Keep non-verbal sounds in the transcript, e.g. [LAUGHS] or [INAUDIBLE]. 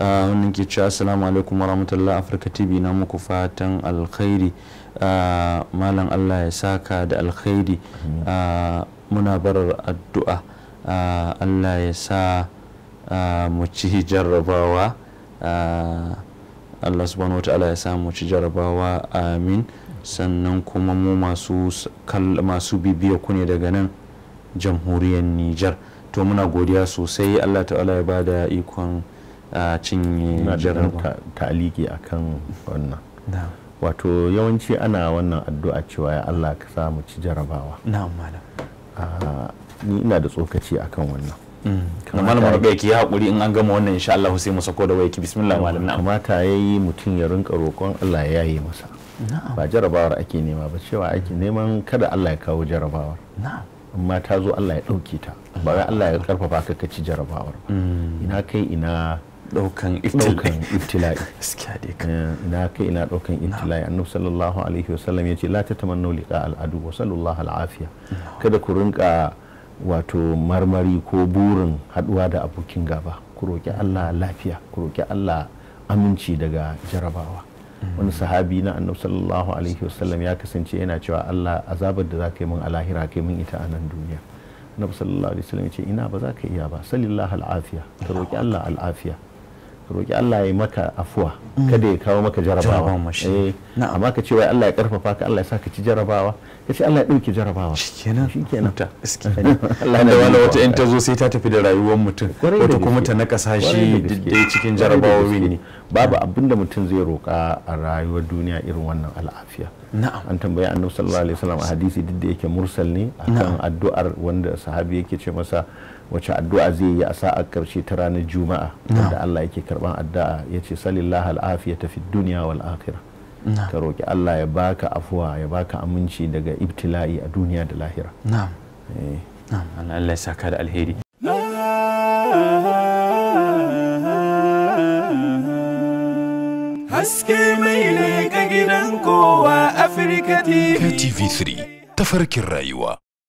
wannan ke cewa assalamu alaikum rahmatullahi afirka tv na muku fatan alkhairi malam allah ya saka da alkhairi muna barar addu'a allah ya sa mu ci jarrabawa allah subhanahu wa ta'ala ya sa mu ci jarrabawa amin sannan kuma mu masu bibiya ku ne daga nan jamhuriyar nijar to muna godiya sosai allah ta'ala ya bada ikon cinye taliki a akan wannan wato yawanci ana wannan addu'a cewa ya Allah ka sa mu ci jarabawa na'am malam ni ina da tsokaci akan wannan mm. kamar malam ke ki hakuri in an gama wannan insha Allah sai mu sako da wayaki bismillah malam na'am kamata yayi mutum ya rinka roƙon Allah ya yaye masa ba jarabawar ake nema ba cewa ake neman kada Allah ya kawo jarabawar amma ta zo Allah ya ɗauke ta ba ga Allah ya karfafa ka ka ci jarabawar mm. ina kai ina daukan iftilai. [LAUGHS] gaskiya eh, na kai ina daukan iftilai. annabi sallallahu alaihi wasallam ce la tatamannu liqa al adu wa sallallahu al'afiya kada ku rinka wato marmari ko burin haduwa da abokin gaba ku roki Allah lafiya ku roki Allah aminci daga jarabawa mm. wani sahabi na annabi sallallahu alaihi wasallam ya kasance yana cewa Allah azabar da zaka yi min a lahira kai min ita a nan duniya annabi sallallahu alaihi wasallam ya ce ina ba za ka iya ba sallallahu al'afiya ka roki Allah al'afiya ka roki Allah ya maka afuwa mm. kada ya kawo maka jarabawa eh, amma ka ce wai Allah ya karfafa ka Allah ya saka ci jarabawa ka ce Allah ya dauke jarabawa shikenan shikenan ta [LAUGHS] Allah da wani wata in ta zo sai ta tafi da rayuwar mutum wata kuma ta naka sashi dai cikin jarabawowi ne babu abin da mutum zai roka a rayuwar duniya irin wannan al'afiya na'am an tambayi annabi sallallahu alaihi wasallam a hadisi duk da yake mursal ne akan addu'ar wanda sahabi yake ce masa wacce addu'a zai yi a sa'a karshe ta ranar juma'a da Allah yake karban addu'a ya ce salillah al'afiya ta fi duniya wal akhirah ka roki Allah ya baka afuwa ya baka aminci daga ibtila'i a duniya da lahira na'am eh. Allah saka da alheri haske mai ne ga gidan kowa Afirka TV. 3 tafarkin rayuwa.